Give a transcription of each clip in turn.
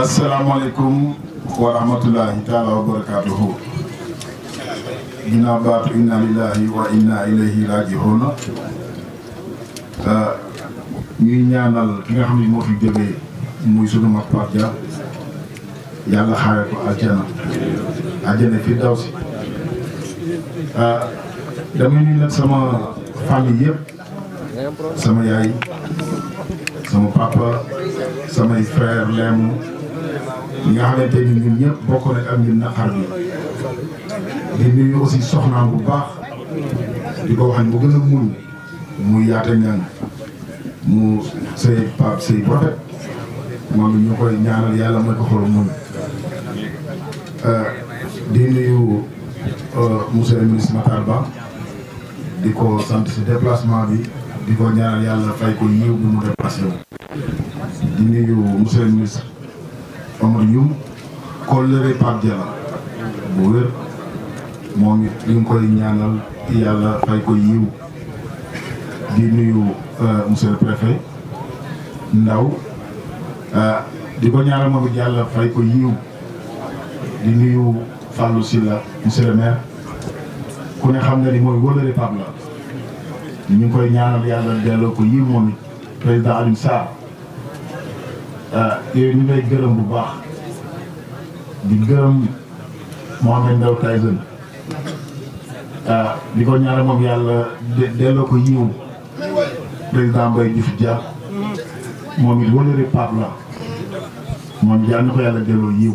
asalaamaaleykum wa rahmatullahi taala wa barakaatuhu ginnaaw baatu inna lillahi wa inna ilayhi raji'un ñuy ñaanal ki nga xam ne moo fi jógee muy sunu mag Pape Dia yàlla xaare ko aljana aljana fi daw si ah, damay nuyu nag sama famille yëpp sama yaay sama papa samay frère leemu ñi nga xamante ni ñun ñëpp bokk nañ ak ñun naqar bi di nuyu aussi soxnaam bu baax di ko wax ni mu gën muñ muy yaata ñaan mu sëy pap sëy bu moom ñu koy ñaanal yàlla mooy ko xool muñ euh, di nuyu euh, monsieur le ministre Matar Ba di ko sant si déplacement bi di ko ñaanal yàlla fay ko yiw bu mu déplacé wu. di nuyu monsieur le ministre Omar Youm collègue Pape Diallo bu wér moom it ñu ngi koy ñaanal yàlla fay ko yiw di nuyu euh, monsieur le préfet Ndaw euh, di ko ñaanal moom it yàlla fay ko yiw di nuyu Fallou Sylla monsieur le maire ku ne xam nga ni mooy wóllare Pape la. ñu ngi koy ñaanal yàlla delloo ko yiw moom it président Alioune Sarr euh, yooyu ñu lay gërëm bu baax di gërëm Mohamed Ndao Tyson euh, di ko ñaanal moom yàlla delloo ko yiw président Mbaye Diouf Dia moom it wëlëri Pape la moom yàlla na ko yàlla delloo yiw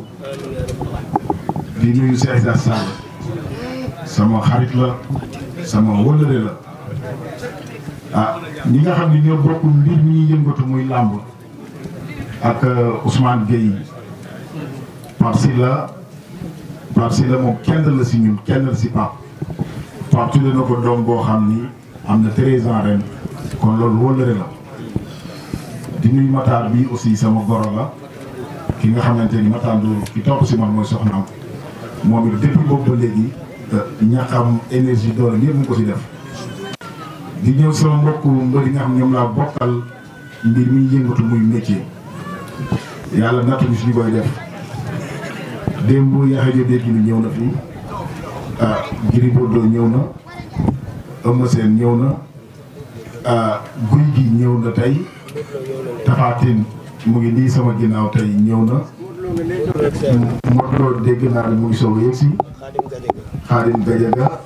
di nuyu Cheikh Issa sama xarit la sama wëlëre la ah ñi nga xam ne ñoo bokk mbir mi ñuy muy làmb ak euh, Ousmane Gueye parce que la parce que la moom kenn la si ñun kenn la si Pape Pape na ko doom boo xam ni am na treize ans kon loolu wëllëre la di nuyu bi aussi sama goro la ki nga xamante ni Matar Ndour ki topp si man mooy soxnaam moom it depuis boobu ba léegi euh, ñaxam énergie doole ñëpp mu ko si def di ñëw sama mbokku mbëri nga xam ñoom laa bokkal mbir mi yëngatu muy métier yàlla nattuñu suñu koy def démb yaxe jo ni ñëw na fi ah Gris ñëw na Eumeu Sène ñëw na ah guy gi ñëw na tey Tapha Tine mu ngi nii sama ginnaaw tey ñëw na Modou Lo dégg naa ne mu ngi soog a yegsi Xaadim Gadiaga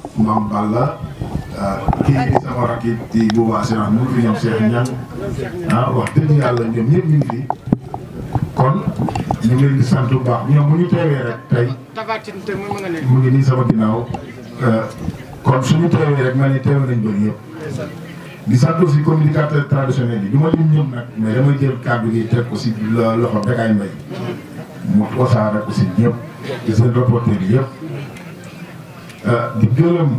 kii di sama rakk yi di boobu assurance mu fi ñoom Cheikh Niang ah wax dëgg yàlla ñoom ñëpp ñu ngi fi kon ñu ngi sant bu baax ñoom bu ñu teewee rek tey mu ngi nii sama ginnaaw eh, kon suñu teewee rek ma ne teew nañ bëri yëpp di sant aussi communicateur traditionnel yi du ma lim nag mais damay jël kàddu gi teg ko si loxo Bécaye Mbaye mu wasaare ko si ñëpp di seen reporter yi yëpp eh, di gërëm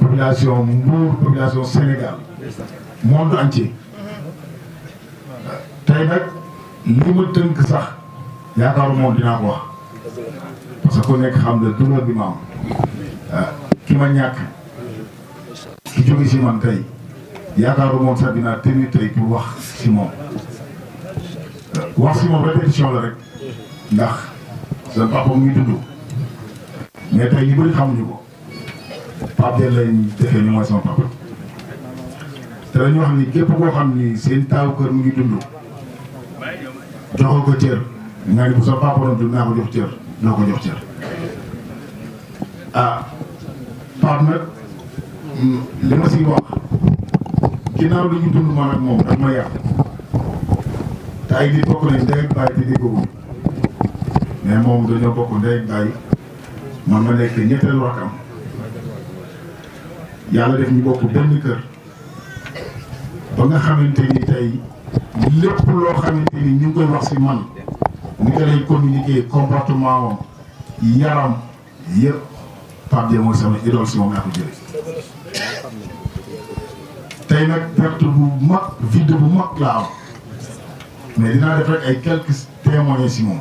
population Mbour population Sénégal monde entier tey nag li ma tënk sax yaakaaru moom dinaa ko wax parce que ku nekk xam ne douleur bi ma ah, ki ma ñàkk ki jóge si man tey yaakaaru moom sax dinaa tenir tey pour wax si wax si moom répétition la rek ndax seen papa mu dund mais tey ñu bëri xamuñu ko Pape Diagne lañ dëkkee ñu mooy papa te dañoo ni képp koo xam ni seen taaw kër mu ngi dund joxoo ko cër nga ni papa doon dund naa ko ko jox cër ah Pape nag mm, li ma si wax ginnaaw li ñu dund man ak moom daf ma yàq te ay nit bokk nañ ndey ak baay te déggoo mais moom dañoo bokk ndey ak baay man ma nekk ñetteelu rakam yàlla def ñu bokk benn kër ba nga xamante ni tey lépp loo xamante ni ñu ngi koy wax si man ni ko lay communiquer comportement am yaram yëpp Pape Diop mooy sama idole si moom laa ko jëlee tey nag perte bu mag vide bu mag laa am mais dinaa def rek ay quelques témoignages si moom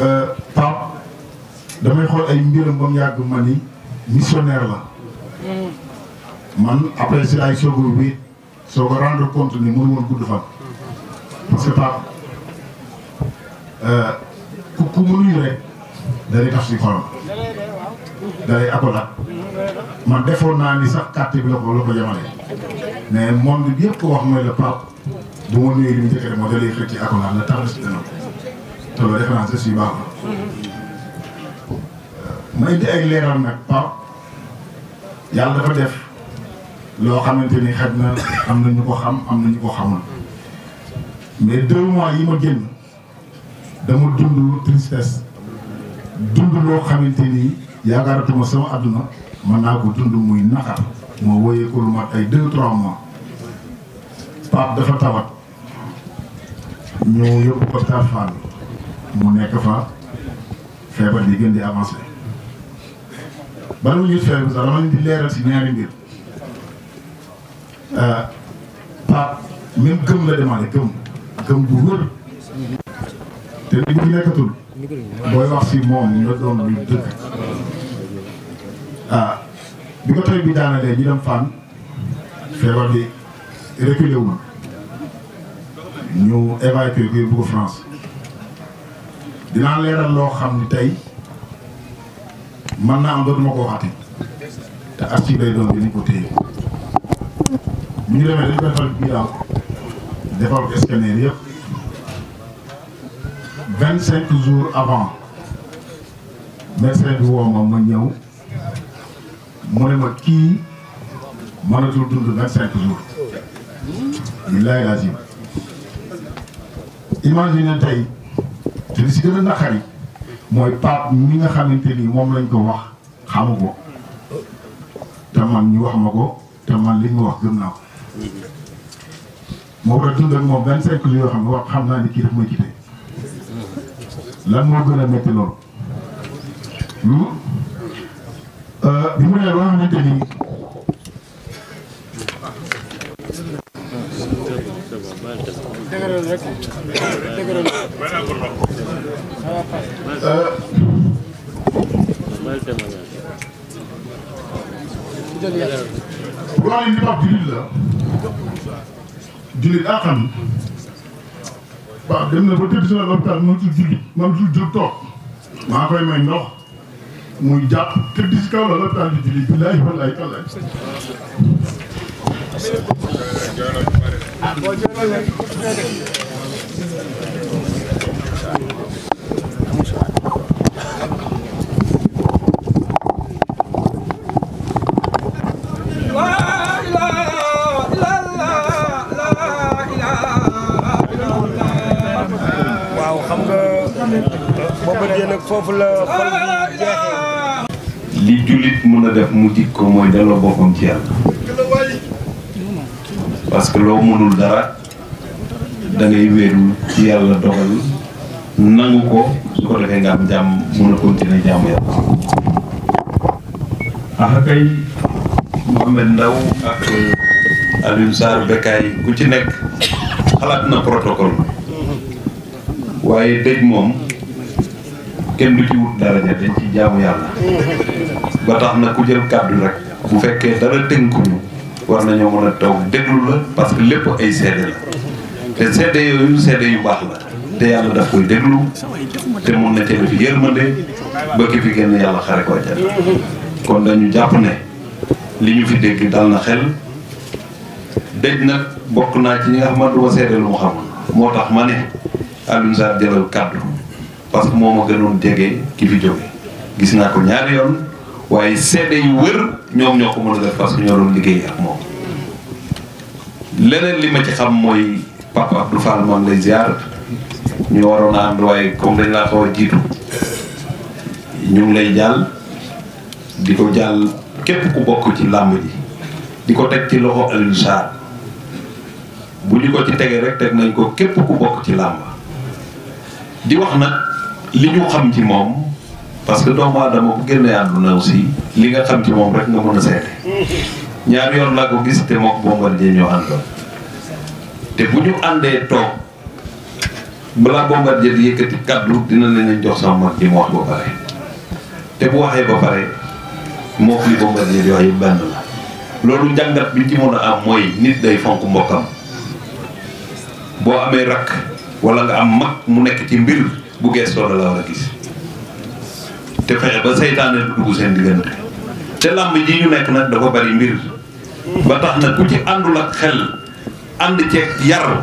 euh, Pape damay xool ay mbiram ba mu yàgg ma ni missionnaire la man après ay soogu bi soo ko rendre compte ni mënu woon gudd fan parce que euh, ku ku mënuñu rek dalay tax si xolam dalay accolade man defoon naa ni sax carte bi la ko la ko jamale mais monde bi yëpp ko wax mooy le Pape bu ma nuyee mu njëkk moo dalay xëcc accolade la tax na si dana ko te loolu defe baax la mu indi ay leeral nag Pape yàlla dafa def loo xamante ni xaj na am na ñu ko xam am na ñu ko xamul mais deux yi ma génn dama dund tristesse dund loo xamante ni yaakaaratuma sama àdduna mën naa ko dund muy naqar moo wooyee lu mat ay deux trois mois Pape dafa tawat ñu yóbbu ko tarfaan mu nekk fa feebar di gën di avancé bala ma ñëw ci yooyu sax dama leen di leeral si ñaari mbir euh, Pape même gëm la demandé gëm gëm bu wër te nit ñi nekkatul booy wax si moom nga doon lu dëgg euh, bi ko tey bi daanalee ñu dem fan feebar bi reculé ñu évacué ko yóbbu ko France dinaa leeral loo xam ni tey man naa am dootuma ko waxati te as ci bi ni ko téye ñu demee dañ koy defal bilan defal yëpp vingt cinq jours avant médecin bi woo ma ma ñëw mu ne ma kii mënatul dund vingt cinq jours billahi lazim imagine tey te li si gën a naqari mooy paap mi nga xamante ni moom lañ ko wax xamu ko te man ñu wax ma ko te man li ñu wax gëm naa ko moo war a dund ak moom vingt cinq yoo xam ne xam naa ni kii daf may quitté lan moo gën a métti loolu hmm? euh, bi mu nee loo xamante ni bu laa leen di wax la jullit daa xam waaw dem na ba tëdd si la lopitaan mënatul julli mënatul jóg toog maa koy may ndox muy jàpp tëdd si kaw la lopitaan di julli billahi wallahi tallahi waaw xam nga booba dee nag foofu la xol li jullit mun a def mu jikko mooy delloo boppam ci yàlla parce que loo mënul dara da ngay ci yàlla dogal nangu ko su ko defee nga am jàmm mën a continuer jàmm yàlla. ah kay Mouhamed Ndaw ak euh, Alioune Sarr Bekkaay ku ci nekk xalaat na protocole waaye dëj moom kenn du ci wut dara ja dañ jaamu yàlla ba tax na ku jël kàddu rek bu fekkee dara tënkuñu. war nañoo mën a toog déglu la parce que lépp ay seede la te seede yooyu seede yu baax la te yàlla daf koy déglu te mun na cee def yërmande ba ki fi génn yàlla xare ko ca kon dañu jàpp ne li ñu fi dégg dal na xel dëj nag bokk naa ci ñi nga xam ne lu mu xam moo tax ma ne Alioune jëlal kàddu parce que moo ma gënoon jege ki fi jóge gis naa ko ñaari yoon. waaye seede yu wër ñoom ñoo ko mën a def ñoo liggéey ak moom leneen li ma ci xam mooy papa Abdou Fall maa ngi lay ziar ñu waroon a ànd waaye comme dañ laa xaw a jiitu ñu ngi lay jàll di ko jàll képp ku bokk ci làmb ji di ko teg ci loxo Alioune bu ñu ko ci tegee rek teg nañ ko képp ku bokk ci làmb di wax nag li ñu xam ci moom parce que doomu aadama bu génnee àdduna aussi li nga xam ci moom rek nga mën a seete ñaar yoon laa ko gis te mook Bombardier ñoo àndoon te bu ñu àndee toog balaa Bombardier di yëkkati kaddu dina leen jox sama mag ji mu wax ba pare te bu waxee ba pare moo li Bombardier di wax yëpp la loolu njàngat bi ci mën a am mooy nit day fonk mbokkam boo amee rakk walla nga am mag mu nekk ci mbir bu gees soo la gis te fexe ba seytaane du dugg seen diggante te làmb ji ñu nekk nag dafa bari mbir ba tax na ku ci àndul ak xel ànd ceeg yar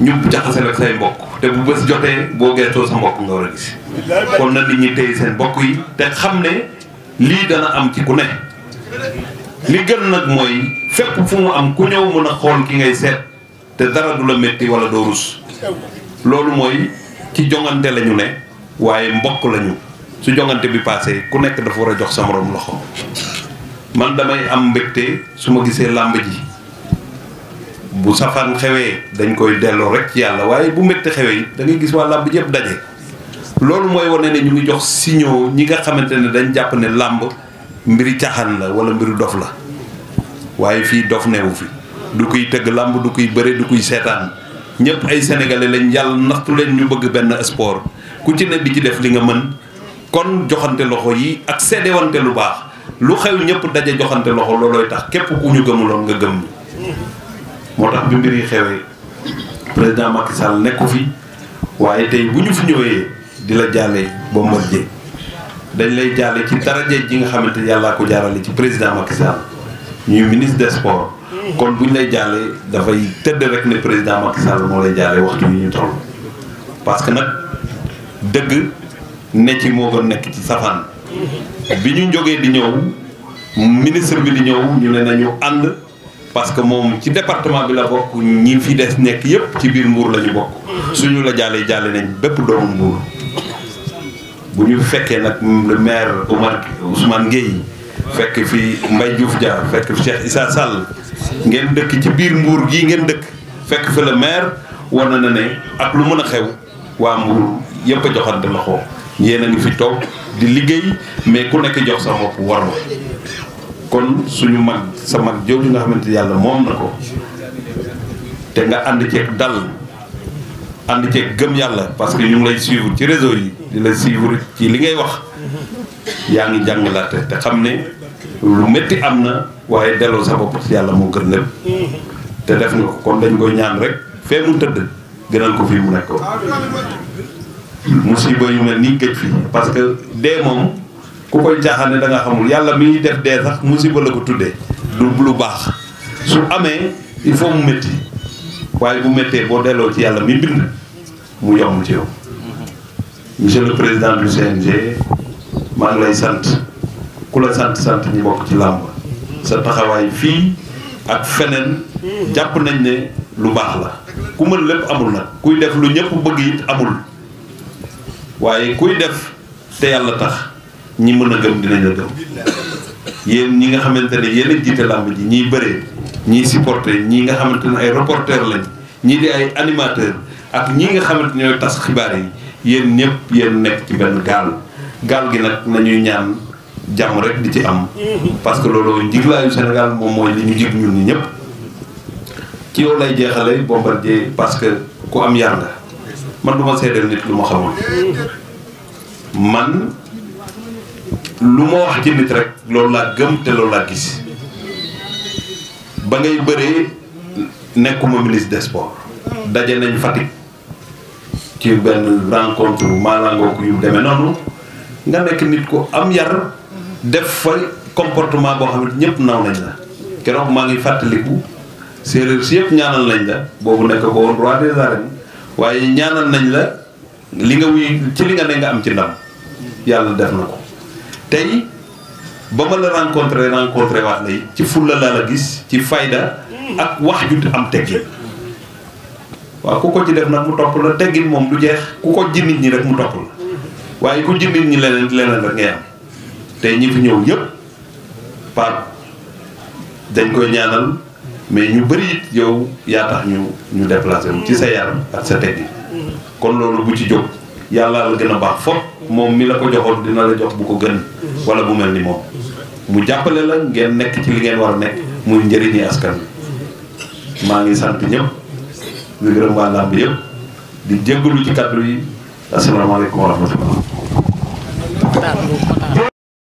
ñu jaxase rek say mbokk te bu bés jotee boo geetoo sa mbokk nga war a gis kon nag li ñi tey seen mbokk yi te xam ne lii dana am ci ku ne li gën nag mooy fépp fu mu am ku ñëw mën a xool ki ngay seet te dara du la métti wala doo rus loolu mooy ci jongante la ñu ne waaye mbokk lañu su jongante bi paasee ku nekk dafa war a jox sa morom loxo man damay am mbégte su ma gisee làmb ji bu safaan xewee dañ koy delloo rek ci yàlla waaye bu mbégte xewee da ngay gis waa làmb ji yëpp daje loolu mooy wane ne ñu ngi jox signaux ñi nga xamante ne dañ jàpp ne làmb mbiri caaxaan la wala mbiru dof la waaye fii dof newu fi du kuy tëgg làmb du kuy bëre du kuy seetaan ñëpp ay sénégalais lañ yàlla naxtu leen ñu bëgg benn sport ku ci ne di ci def li nga mën kon joxante loxo yi ak seddewante lu baax lu xew ñëpp daje joxante loxo loolooy tax képp ku ñu gëmuloon nga gëm ñu moo tax bi mbir xewee président Macky Sall nekku fi waaye tey bu ñu fi ñëwee di la jaale ba mot dañ lay jaale ci daraje ji nga xamante yàllaa ko jaarale ci président Macky Sall ñuy ministre des sports kon bu ñu lay jaale dafay tëdd rek ne président Macky moo lay jaale waxtu yi ñu toll parce que nag dëgg ne ci moo gën nekk ci safaan bi ñu jógee di ñëw ministre bi di ñëw ñu ne nañu ànd parce que moom ci département bi la bokk ñi fi des nekk yépp ci biir mbuur lañu ñu bokk suñu la jaalee jaale nañ bépp doomu Mbour bu ñu fekkee nag le maire Oumar Ousmane Gueye fekk fi mbay Diouf Dia fekk fi Cheikh Issa Sall ngeen dëkk ci biir mbuur gii ngeen dëkk fekk fi le maire war na ne ak lu mën a xew waa Mbour yépp a joxante loxo yéen a fi toog di liggéey mais ku nekk jox sa bopp war ma kon suñu mag sa mag jooju nga xamante yàlla moom na ko te nga ànd ceeg dal ànd ceeg gëm yàlla parce que ñu ngi lay suivre ci réseau yi di la ci li ngay wax yaa ngi jàngalaate te xam ne lu métti am na waaye delloo sa bopp ci yàlla moo gën lépp te def nga ko kon dañ koy ñaan rek fee mu tëdd gënal ko fii mu nekkoon musiba yu mel nii gëj fii parce que dee moom ku koy caaxaane da nga xamul yàlla miy def dee sax musiba la ko tuddee du lu baax su amee il faut mu métti waaye bu méttee boo delloo ci yàlla mi bind mu yomb ci yow monsieur le président du CNG maa ngi lay sant ku la sant sant ñi bokk ci làmb sa taxawaay fii ak feneen jàpp nañ ne lu baax la ku mën lépp amul nag kuy def lu ñëpp bëgg yi amul waaye kuy def te yàlla tax ñi mën a gëm dinañ la gëm ñi nga xamante ne yéen a jiite làmb ji ñiy bëree ñiy supporter ñii nga xamante ne ay reporter lañ ñii di ay animateur ak ñii nga xamante ne ñooy tas xibaar yi yéen ñëpp yéen nekk ci benn gaal gaal gi nag nañuy ñaan jàmm rek di ci am parce que loolu njiglaayu Sénégal moom mooy li ñu jig ñun ñi ñëpp ci yow lay jeexale Bombardier parce que ku am yar nga man du ma seedeel nit lu ma xamul man lu ma wax ci nit rek loolu laa gëm te loolu laa gis ba ngay bëree nekkuma milis des daje nañ Fatick ci benn rencontre maalangook yu demee noonu nga nekk nit ko am yar def fa comportement boo xam ne ñëpp naw nañ la keroog maa ngi fàttaliku séeréer si yëpp ñaanal nañ la boobu nekk ko woon roi des waaye ñaanal nañ la li nga wuy ci li nga ne nga am ci ndam yàlla def na ko tey ba ma la rencontré rencontré waat lay ci fulla laa la gis ci fayda ak wax ju am teggin waaw ku ko ci def nag mu topp la teggin moom du jeex ku ko ji ñi rek mu topp la waaye ku ji nit ñi leneen leneen rek ngay am tey ñi fi ñëw yëpp Pape dañ koy ñaanal mais ñu bëri it yow yaa tax ñu ñu déplacé wu ci sa yaram ak sa teggi mm. kon loolu bu ci jóg yàlla la gën a baax fopp moom mi la ko joxoon dina la jox bu ko gën wala bu mel ni moom mu jàppale la ngeen nekk ci li ngeen war a nekk muy njëriñi askan bi maa ngi sant ñëpp di gërëm waa làmb yëpp di jéggalu ci kaddu yi asalaamaaleykum wa rahmatullah